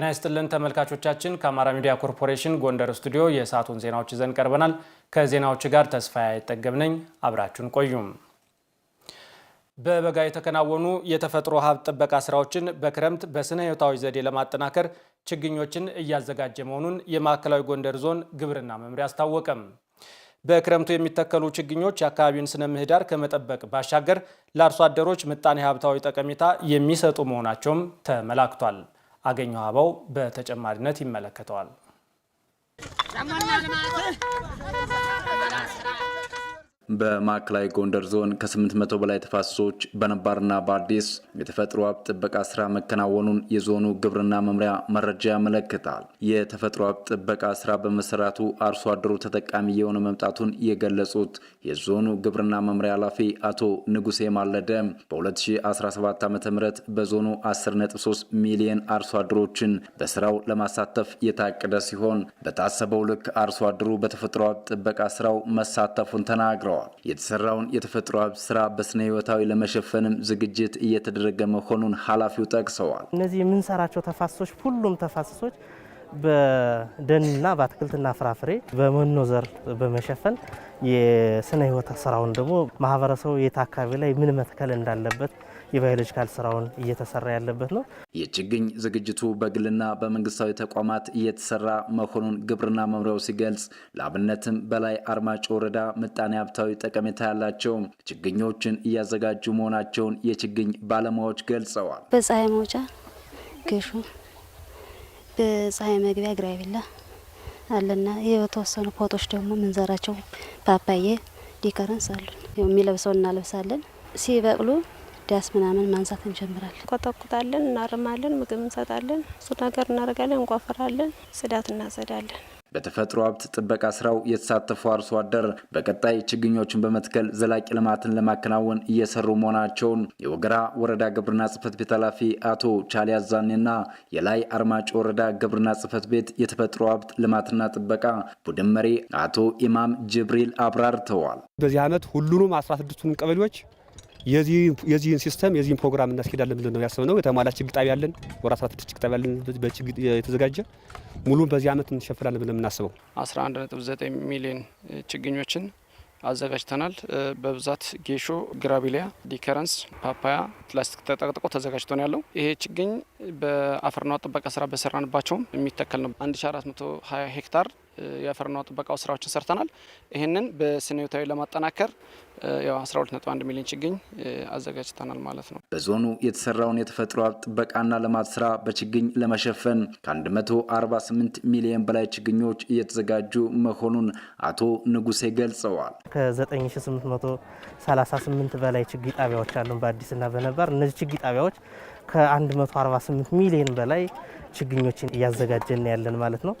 ጤና ይስጥልን ተመልካቾቻችን፣ ከአማራ ሚዲያ ኮርፖሬሽን ጎንደር ስቱዲዮ የሰዓቱን ዜናዎች ይዘን ቀርበናል። ከዜናዎች ጋር ተስፋ አይጠገብ ነኝ። አብራችሁን ቆዩም። በበጋ የተከናወኑ የተፈጥሮ ሀብት ጥበቃ ስራዎችን በክረምት በስነ ህይወታዊ ዘዴ ለማጠናከር ችግኞችን እያዘጋጀ መሆኑን የማዕከላዊ ጎንደር ዞን ግብርና መምሪያ አስታወቀም። በክረምቱ የሚተከሉ ችግኞች የአካባቢውን ስነ ምህዳር ከመጠበቅ ባሻገር ለአርሶ አደሮች ምጣኔ ሀብታዊ ጠቀሜታ የሚሰጡ መሆናቸውም ተመላክቷል። አገኘሁ አበው በተጨማሪነት ይመለከተዋል። በማዕከላዊ ጎንደር ዞን ከ800 በላይ ተፋሰሶች በነባርና በአዲስ የተፈጥሮ ሀብት ጥበቃ ስራ መከናወኑን የዞኑ ግብርና መምሪያ መረጃ ያመለክታል። የተፈጥሮ ሀብት ጥበቃ ስራ በመሰራቱ አርሶ አደሩ ተጠቃሚ የሆነ መምጣቱን የገለጹት የዞኑ ግብርና መምሪያ ኃላፊ አቶ ንጉሴ ማለደ በ2017 ዓ ም በዞኑ 13 ሚሊየን አርሶ አደሮችን በስራው ለማሳተፍ የታቀደ ሲሆን በታሰበው ልክ አርሶ አደሩ በተፈጥሮ ሀብት ጥበቃ ስራው መሳተፉን ተናግረዋል። ተናግረዋል። የተሰራውን የተፈጥሮ ሀብት ስራ በስነ ህይወታዊ ለመሸፈንም ዝግጅት እየተደረገ መሆኑን ኃላፊው ጠቅሰዋል። እነዚህ የምንሰራቸው ተፋሰሶች ሁሉም ተፋሰሶች በደንና በአትክልትና ፍራፍሬ በመኖዘር በመሸፈን የስነ ህይወት ስራውን ደግሞ ማህበረሰቡ የት አካባቢ ላይ ምን መትከል እንዳለበት የባዮሎጂካል ስራውን እየተሰራ ያለበት ነው። የችግኝ ዝግጅቱ በግልና በመንግስታዊ ተቋማት እየተሰራ መሆኑን ግብርና መምሪያው ሲገልጽ፣ ለአብነትም በላይ አርማጭ ወረዳ ምጣኔ ሀብታዊ ጠቀሜታ ያላቸው ችግኞችን እያዘጋጁ መሆናቸውን የችግኝ ባለሙያዎች ገልጸዋል። በፀሐይ መውጫ ገሹ፣ በፀሐይ መግቢያ ግራቢላ አለና የተወሰኑ ፖቶች ደግሞ ምንዘራቸው ፓፓዬ ዲከረንስ አሉ የሚለብሰው እናለብሳለን ሲበቅሉ ዳስ ምናምን ማንሳት እንጀምራለን። ቆጠቁጣለን፣ እናርማለን፣ ምግብ እንሰጣለን፣ እሱ ነገር እናደርጋለን፣ እንቆፍራለን፣ ጽዳት እናጸዳለን። በተፈጥሮ ሀብት ጥበቃ ስራው የተሳተፉ አርሶ አደር በቀጣይ ችግኞችን በመትከል ዘላቂ ልማትን ለማከናወን እየሰሩ መሆናቸውን የወገራ ወረዳ ግብርና ጽህፈት ቤት ኃላፊ አቶ ቻሊ አዛኔና የላይ አርማጭ ወረዳ ግብርና ጽህፈት ቤት የተፈጥሮ ሀብት ልማትና ጥበቃ ቡድን መሪ አቶ ኢማም ጅብሪል አብራርተዋል። በዚህ ዓመት ሁሉንም 16ቱን ቀበሌዎች የዚህን ሲስተም የዚህን ፕሮግራም እናስኬዳለን ብለን ነው ያሰብነው። የተሟላ ችግኝ ጣቢያ ያለን ወር 16 ችግኝ ጣቢያ ያለን በችግኝ የተዘጋጀ ሙሉን በዚህ ዓመት እንሸፍናለን ብለን የምናስበው 11.9 ሚሊዮን ችግኞችን አዘጋጅተናል። በብዛት ጌሾ፣ ግራቢሊያ፣ ዲከረንስ፣ ፓፓያ ፕላስቲክ ተጠቅጥቆ ተዘጋጅቶ ነው ያለው። ይሄ ችግኝ በአፈርና ጥበቃ ስራ በሰራንባቸውም የሚተከል ነው። 1420 ሄክታር የአፈርና ጥበቃው ስራዎችን ሰርተናል። ይህንን በስኔታዊ ለማጠናከር 12.1 ሚሊዮን ችግኝ አዘጋጅተናል ማለት ነው። በዞኑ የተሰራውን የተፈጥሮ ሀብት ጥበቃና ልማት ስራ በችግኝ ለመሸፈን ከ148 ሚሊዮን በላይ ችግኞች እየተዘጋጁ መሆኑን አቶ ንጉሴ ገልጸዋል። ከ9838 በላይ ችግኝ ጣቢያዎች አሉን በአዲስና በነባር እነዚህ ችግኝ ጣቢያዎች ከ148 ሚሊዮን በላይ ችግኞችን እያዘጋጀን ያለን ማለት ነው።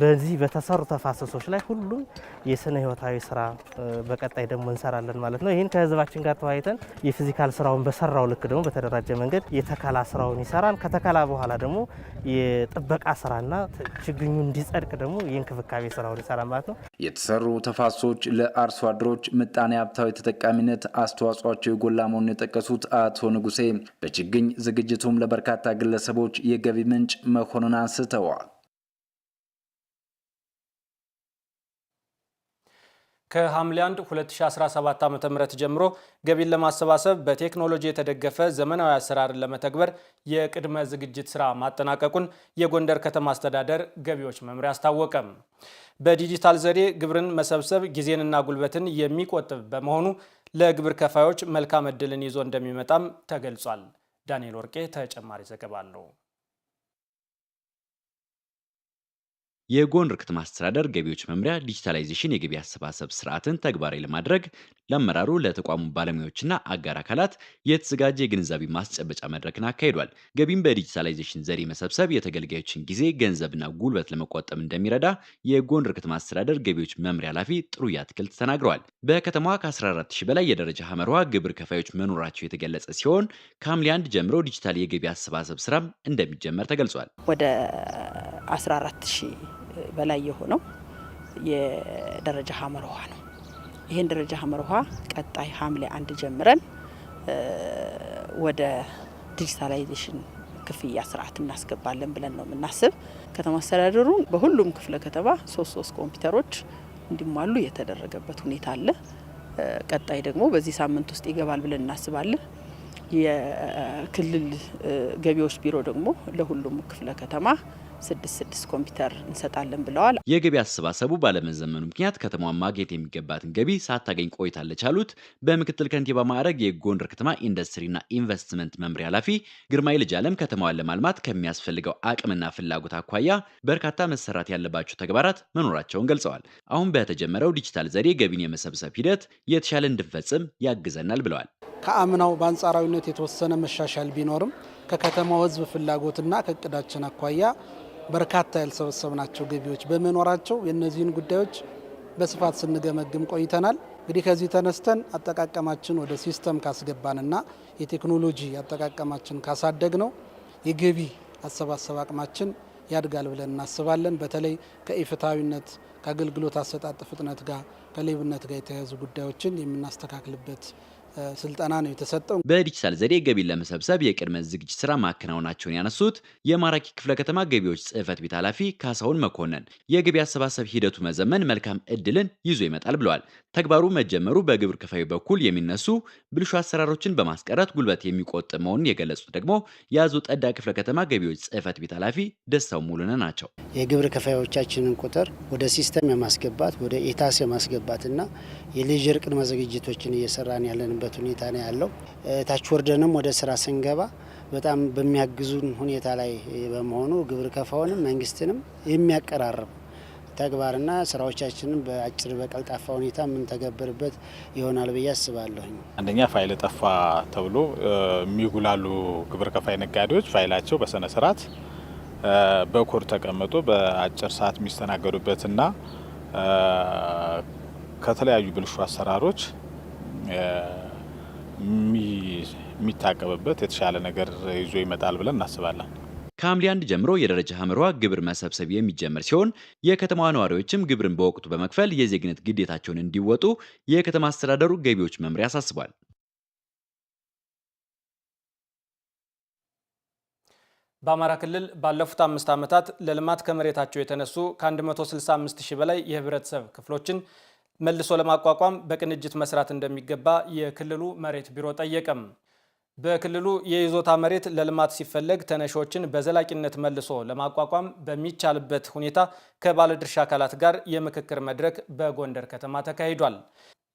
በዚህ በተሰሩ ተፋሰሶች ላይ ሁሉም የስነ ህይወታዊ ስራ በቀጣይ ደግሞ እንሰራለን ማለት ነው። ይህን ከህዝባችን ጋር ተወያይተን የፊዚካል ስራውን በሰራው ልክ ደግሞ በተደራጀ መንገድ የተከላ ስራውን ይሰራል። ከተከላ በኋላ ደግሞ የጥበቃ ስራና ችግኙ እንዲጸድቅ ደግሞ የእንክብካቤ ስራውን ይሰራል ማለት ነው። የተሰሩ ተፋሰሶች ለአርሶ አደሮች ምጣኔ ሀብታዊ ተጠቃሚነት አስተዋጽኦቸው የጎላ መሆኑን የጠቀሱት አቶ ንጉሴ በችግኝ ዝግጅቱም ለበርካታ ግለሰቦች የገቢ ምንጭ መሆኑን አንስተዋል። ከሐምሌ 1 2017 ዓ.ም ጀምሮ ገቢን ለማሰባሰብ በቴክኖሎጂ የተደገፈ ዘመናዊ አሰራርን ለመተግበር የቅድመ ዝግጅት ስራ ማጠናቀቁን የጎንደር ከተማ አስተዳደር ገቢዎች መምሪያ አስታወቀም። በዲጂታል ዘዴ ግብርን መሰብሰብ ጊዜንና ጉልበትን የሚቆጥብ በመሆኑ ለግብር ከፋዮች መልካም ዕድልን ይዞ እንደሚመጣም ተገልጿል። ዳንኤል ወርቄ ተጨማሪ ዘገባ አለው። የጎንደር ከተማ አስተዳደር ገቢዎች መምሪያ ዲጂታላይዜሽን የገቢ አሰባሰብ ስርዓትን ተግባራዊ ለማድረግ ለአመራሩ፣ ለተቋሙ ባለሙያዎችና አጋር አካላት የተዘጋጀ የግንዛቤ ማስጨበጫ መድረክን አካሂዷል። ገቢም በዲጂታላይዜሽን ዘዴ መሰብሰብ የተገልጋዮችን ጊዜ፣ ገንዘብና ጉልበት ለመቆጠብ እንደሚረዳ የጎንደር ከተማ አስተዳደር ገቢዎች መምሪያ ኃላፊ ጥሩዬ አትክልት ተናግረዋል። በከተማዋ ከ14000 በላይ የደረጃ ሀመርዋ ግብር ከፋዮች መኖራቸው የተገለጸ ሲሆን ከሐምሌ አንድ ጀምሮ ዲጂታል የገቢ አሰባሰብ ስራም እንደሚጀመር ተገልጿል። ወደ 14000 በላይ የሆነው የደረጃ ሀመር ውሃ ነው። ይህን ደረጃ ሀመር ውሃ ቀጣይ ሐምሌ አንድ ጀምረን ወደ ዲጂታላይዜሽን ክፍያ ስርዓት እናስገባለን ብለን ነው የምናስብ። ከተማ አስተዳደሩ በሁሉም ክፍለ ከተማ ሶስት ሶስት ኮምፒውተሮች እንዲሟሉ የተደረገበት ሁኔታ አለ። ቀጣይ ደግሞ በዚህ ሳምንት ውስጥ ይገባል ብለን እናስባለን። የክልል ገቢዎች ቢሮ ደግሞ ለሁሉም ክፍለ ከተማ ስድስት ስድስት ኮምፒውተር እንሰጣለን ብለዋል። የገቢ አሰባሰቡ ባለመዘመኑ ምክንያት ከተማዋን ማግኘት የሚገባትን ገቢ ሳታገኝ ቆይታለች ያሉት በምክትል ከንቲባ ማዕረግ የጎንደር ከተማ ኢንዱስትሪና ኢንቨስትመንት መምሪያ ኃላፊ ግርማይ ልጅ አለም ከተማዋን ለማልማት ከሚያስፈልገው አቅምና ፍላጎት አኳያ በርካታ መሰራት ያለባቸው ተግባራት መኖራቸውን ገልጸዋል። አሁን በተጀመረው ዲጂታል ዘዴ ገቢን የመሰብሰብ ሂደት የተሻለ እንድንፈጽም ያግዘናል ብለዋል። ከአምናው በአንጻራዊነት የተወሰነ መሻሻል ቢኖርም ከከተማው ህዝብ ፍላጎትና ከእቅዳችን አኳያ በርካታ ያልሰበሰብናቸው ገቢዎች በመኖራቸው የእነዚህን ጉዳዮች በስፋት ስንገመግም ቆይተናል። እንግዲህ ከዚህ ተነስተን አጠቃቀማችን ወደ ሲስተም ካስገባንና የቴክኖሎጂ አጠቃቀማችን ካሳደግ ነው የገቢ አሰባሰብ አቅማችን ያድጋል ብለን እናስባለን። በተለይ ከኢፍትሐዊነት ከአገልግሎት አሰጣጥ ፍጥነት ጋር ከሌብነት ጋር የተያያዙ ጉዳዮችን የምናስተካክልበት ስልጠና ነው የተሰጠው። በዲጂታል ዘዴ ገቢን ለመሰብሰብ የቅድመ ዝግጅት ስራ ማከናወናቸውን ያነሱት የማራኪ ክፍለ ከተማ ገቢዎች ጽህፈት ቤት ኃላፊ ካሳሁን መኮንን የገቢ አሰባሰብ ሂደቱ መዘመን መልካም እድልን ይዞ ይመጣል ብለዋል። ተግባሩ መጀመሩ በግብር ከፋዩ በኩል የሚነሱ ብልሹ አሰራሮችን በማስቀረት ጉልበት የሚቆጥብ መሆኑን የገለጹት ደግሞ የያዙ ጠዳ ክፍለ ከተማ ገቢዎች ጽህፈት ቤት ኃላፊ ደስታው ሙሉነ ናቸው። የግብር ከፋዮቻችንን ቁጥር ወደ ሲስተም የማስገባት ወደ ኢታስ የማስገባትና የሌጀር ቅድመ ዝግጅቶችን እየሰራን ያለን ያለንበት ሁኔታ ነው ያለው። ታች ወርደንም ወደ ስራ ስንገባ በጣም በሚያግዙን ሁኔታ ላይ በመሆኑ ግብር ከፋውንም መንግስትንም የሚያቀራርብ ተግባርና ስራዎቻችንን በአጭር በቀልጣፋ ሁኔታ የምንተገብርበት ይሆናል ብዬ አስባለሁ። አንደኛ ፋይል ጠፋ ተብሎ የሚጉላሉ ግብር ከፋይ ነጋዴዎች ፋይላቸው በስነ ስርዓት በኮር ተቀምጦ በአጭር ሰዓት የሚስተናገዱበትና ከተለያዩ ብልሹ አሰራሮች የሚታቀብበት የተሻለ ነገር ይዞ ይመጣል ብለን እናስባለን። ከሐምሌ አንድ ጀምሮ የደረጃ ሐመሯ ግብር መሰብሰብ የሚጀመር ሲሆን የከተማዋ ነዋሪዎችም ግብርን በወቅቱ በመክፈል የዜግነት ግዴታቸውን እንዲወጡ የከተማ አስተዳደሩ ገቢዎች መምሪያ አሳስቧል። በአማራ ክልል ባለፉት አምስት ዓመታት ለልማት ከመሬታቸው የተነሱ ከ165 ሺህ በላይ የህብረተሰብ ክፍሎችን መልሶ ለማቋቋም በቅንጅት መስራት እንደሚገባ የክልሉ መሬት ቢሮ ጠየቀም። በክልሉ የይዞታ መሬት ለልማት ሲፈለግ ተነሺዎችን በዘላቂነት መልሶ ለማቋቋም በሚቻልበት ሁኔታ ከባለድርሻ አካላት ጋር የምክክር መድረክ በጎንደር ከተማ ተካሂዷል።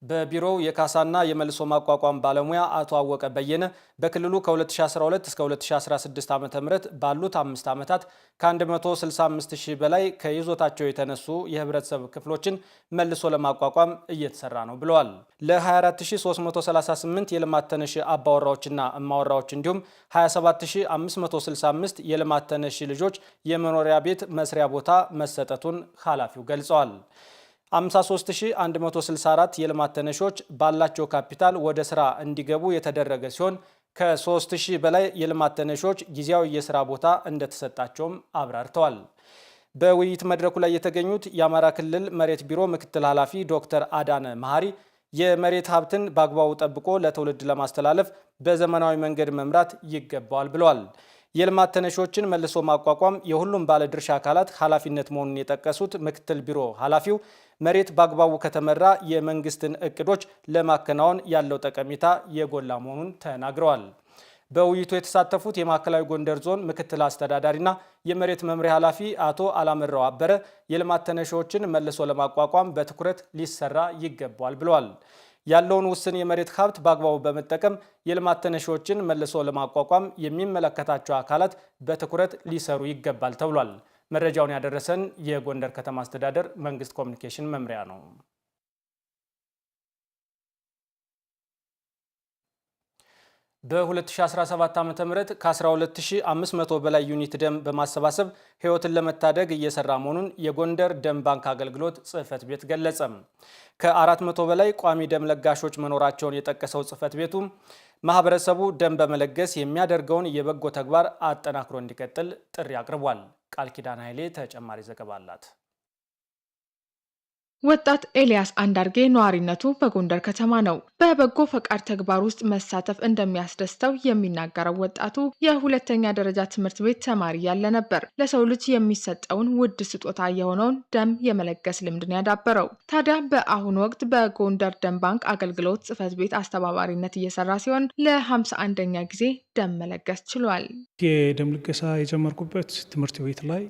በቢሮው የካሳና የመልሶ ማቋቋም ባለሙያ አቶ አወቀ በየነ በክልሉ ከ2012 እስከ 2016 ዓ ም ባሉት አምስት ዓመታት ከ165 ሺህ በላይ ከይዞታቸው የተነሱ የህብረተሰብ ክፍሎችን መልሶ ለማቋቋም እየተሰራ ነው ብለዋል። ለ24338 የልማት ተነሽ አባወራዎችና እማወራዎች እንዲሁም 27565 የልማት ተነሽ ልጆች የመኖሪያ ቤት መስሪያ ቦታ መሰጠቱን ኃላፊው ገልጸዋል። 53164 የልማት ተነሾች ባላቸው ካፒታል ወደ ስራ እንዲገቡ የተደረገ ሲሆን ከ3000 በላይ የልማት ተነሾች ጊዜያዊ የስራ ቦታ እንደተሰጣቸውም አብራርተዋል። በውይይት መድረኩ ላይ የተገኙት የአማራ ክልል መሬት ቢሮ ምክትል ኃላፊ ዶክተር አዳነ መሐሪ የመሬት ሀብትን በአግባቡ ጠብቆ ለትውልድ ለማስተላለፍ በዘመናዊ መንገድ መምራት ይገባዋል ብለዋል። የልማት ተነሾችን መልሶ ማቋቋም የሁሉም ባለድርሻ አካላት ኃላፊነት መሆኑን የጠቀሱት ምክትል ቢሮ ኃላፊው መሬት በአግባቡ ከተመራ የመንግስትን እቅዶች ለማከናወን ያለው ጠቀሜታ የጎላ መሆኑን ተናግረዋል። በውይይቱ የተሳተፉት የማዕከላዊ ጎንደር ዞን ምክትል አስተዳዳሪና የመሬት መምሪያ ኃላፊ አቶ አላምረው አበረ የልማት ተነሺዎችን መልሶ ለማቋቋም በትኩረት ሊሰራ ይገባል ብለዋል። ያለውን ውስን የመሬት ሀብት በአግባቡ በመጠቀም የልማት ተነሺዎችን መልሶ ለማቋቋም የሚመለከታቸው አካላት በትኩረት ሊሰሩ ይገባል ተብሏል። መረጃውን ያደረሰን የጎንደር ከተማ አስተዳደር መንግስት ኮሚኒኬሽን መምሪያ ነው። በ2017 ዓ ም ከ12500 በላይ ዩኒት ደም በማሰባሰብ ሕይወትን ለመታደግ እየሰራ መሆኑን የጎንደር ደም ባንክ አገልግሎት ጽህፈት ቤት ገለጸም። ከ400 በላይ ቋሚ ደም ለጋሾች መኖራቸውን የጠቀሰው ጽህፈት ቤቱ ማህበረሰቡ ደም በመለገስ የሚያደርገውን የበጎ ተግባር አጠናክሮ እንዲቀጥል ጥሪ አቅርቧል። ቃል ኪዳን ኃይሌ ተጨማሪ ዘገባ አላት። ወጣት ኤልያስ አንዳርጌ ነዋሪነቱ በጎንደር ከተማ ነው። በበጎ ፈቃድ ተግባር ውስጥ መሳተፍ እንደሚያስደስተው የሚናገረው ወጣቱ የሁለተኛ ደረጃ ትምህርት ቤት ተማሪ ያለ ነበር። ለሰው ልጅ የሚሰጠውን ውድ ስጦታ የሆነውን ደም የመለገስ ልምድን ያዳበረው ታዲያ በአሁኑ ወቅት በጎንደር ደም ባንክ አገልግሎት ጽሕፈት ቤት አስተባባሪነት እየሰራ ሲሆን ለ 51 ጊዜ ደም መለገስ ችሏል። የደም ልገሳ የጀመርኩበት ትምህርት ቤት ላይ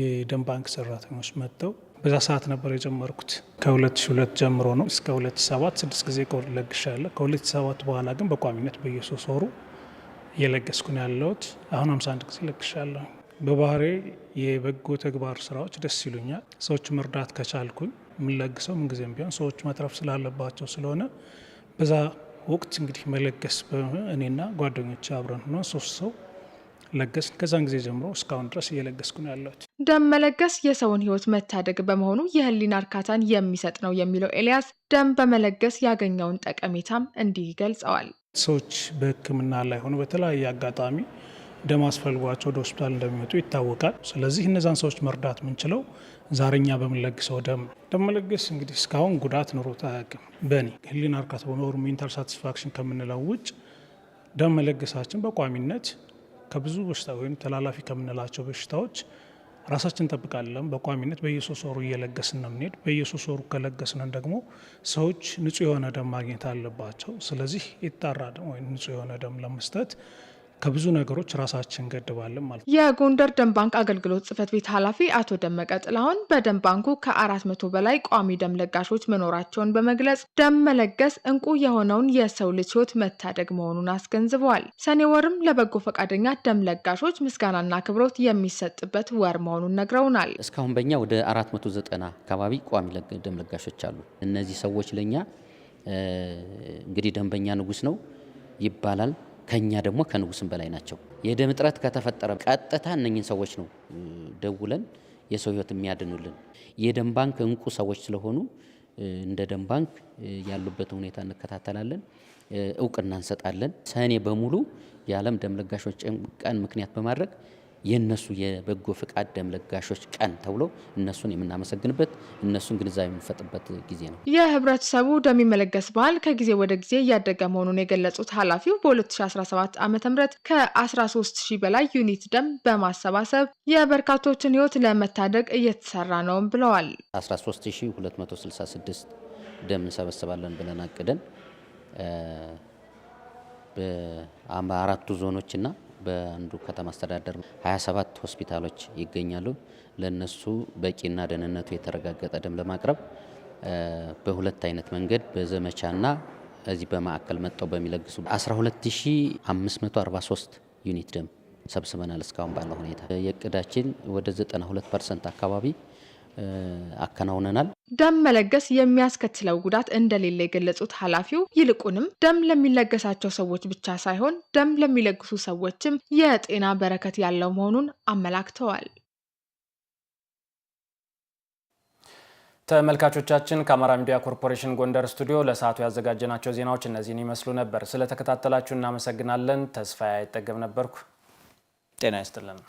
የደም ባንክ ሰራተኞች መጥተው በዛ ሰዓት ነበር የጀመርኩት። ከ2002 ጀምሮ ነው እስከ 2007 ስድስት ጊዜ ለግሻለሁ። ከ2007 በኋላ ግን በቋሚነት በየሶስት ወሩ እየለገስኩ ነው ያለሁት። አሁን 51 ጊዜ ለግሻለሁ። በባህሬ የበጎ ተግባር ስራዎች ደስ ይሉኛል። ሰዎች መርዳት ከቻልኩኝ የምንለግሰው ምንጊዜም ቢሆን ሰዎች መትረፍ ስላለባቸው ስለሆነ በዛ ወቅት እንግዲህ መለገስ እኔና ጓደኞች አብረን ሆነ ሶስት ሰው ለገስን። ከዛን ጊዜ ጀምሮ እስካሁን ድረስ እየለገስኩ ነው ያለሁት። ደም መለገስ የሰውን ህይወት መታደግ በመሆኑ የህሊና እርካታን የሚሰጥ ነው የሚለው ኤልያስ ደም በመለገስ ያገኘውን ጠቀሜታም እንዲህ ይገልጸዋል። ሰዎች በህክምና ላይ ሆኖ በተለያየ አጋጣሚ ደም አስፈልጓቸው ወደ ሆስፒታል እንደሚመጡ ይታወቃል። ስለዚህ እነዛን ሰዎች መርዳት የምንችለው ዛሬኛ በምንለግሰው ደም ነው። ደም መለገስ እንግዲህ እስካሁን ጉዳት ኑሮት አያውቅም። በእኔ ህሊና እርካታ በኖሩ ሜንታል ሳቲስፋክሽን ከምንለው ውጭ ደም መለገሳችን በቋሚነት ከብዙ በሽታ ወይም ተላላፊ ከምንላቸው በሽታዎች ራሳችን እንጠብቃለን። በቋሚነት በየሶስት ወሩ እየለገስን ነው የምንሄድ። በየሶስት ወሩ ከለገስነን ደግሞ ሰዎች ንጹህ የሆነ ደም ማግኘት አለባቸው። ስለዚህ ይጣራ ንጹህ የሆነ ደም ለመስጠት ከብዙ ነገሮች ራሳችን ገድባለን ማለት ነው። የጎንደር ደም ባንክ አገልግሎት ጽህፈት ቤት ኃላፊ አቶ ደመቀ ጥላሁን በደም ባንኩ ከአራት መቶ በላይ ቋሚ ደም ለጋሾች መኖራቸውን በመግለጽ ደም መለገስ እንቁ የሆነውን የሰው ልጅ ህይወት መታደግ መሆኑን አስገንዝበዋል። ሰኔ ወርም ለበጎ ፈቃደኛ ደም ለጋሾች ምስጋናና ክብሮት የሚሰጥበት ወር መሆኑን ነግረውናል። እስካሁን በእኛ ወደ 490 አካባቢ ቋሚ ደም ለጋሾች አሉ። እነዚህ ሰዎች ለእኛ እንግዲህ ደንበኛ ንጉስ ነው ይባላል ከኛ ደግሞ ከንጉስም በላይ ናቸው። የደም እጥረት ከተፈጠረ ቀጥታ እነኝን ሰዎች ነው ደውለን የሰው ህይወት የሚያድኑልን። የደም ባንክ እንቁ ሰዎች ስለሆኑ እንደ ደም ባንክ ያሉበትን ሁኔታ እንከታተላለን፣ እውቅና እንሰጣለን። ሰኔ በሙሉ የዓለም ደም ለጋሾች ቀን ምክንያት በማድረግ የእነሱ የበጎ ፍቃድ ደም ለጋሾች ቀን ተብሎ እነሱን የምናመሰግንበት እነሱን ግንዛቤ የምንፈጥበት ጊዜ ነው። የህብረተሰቡ ደም የሚለገስ ባህል ከጊዜ ወደ ጊዜ እያደገ መሆኑን የገለጹት ኃላፊው በ2017 ዓ ም ከ ሺህ በላይ ዩኒት ደም በማሰባሰብ የበርካቶችን ህይወት ለመታደግ እየተሰራ ነውም ብለዋል። 13266 ደም እንሰበስባለን ብለን አቅደን በአራቱ ዞኖችና በአንዱ ከተማ አስተዳደር 27 ሆስፒታሎች ይገኛሉ። ለነሱ በቂና ደህንነቱ የተረጋገጠ ደም ለማቅረብ በሁለት አይነት መንገድ በዘመቻና እዚህ በማዕከል መጥተው በሚለግሱ 12543 ዩኒት ደም ሰብስበናል። እስካሁን ባለው ሁኔታ የእቅዳችን ወደ 92 ፐርሰንት አካባቢ አከናውነናል። ደም መለገስ የሚያስከትለው ጉዳት እንደሌለ የገለጹት ኃላፊው ይልቁንም ደም ለሚለገሳቸው ሰዎች ብቻ ሳይሆን ደም ለሚለግሱ ሰዎችም የጤና በረከት ያለው መሆኑን አመላክተዋል። ተመልካቾቻችን ከአማራ ሚዲያ ኮርፖሬሽን ጎንደር ስቱዲዮ ለሰዓቱ ያዘጋጀናቸው ዜናዎች እነዚህን ይመስሉ ነበር። ስለተከታተላችሁ እናመሰግናለን። ተስፋዬ አይጠገብ ነበርኩ። ጤና ይስጥልን።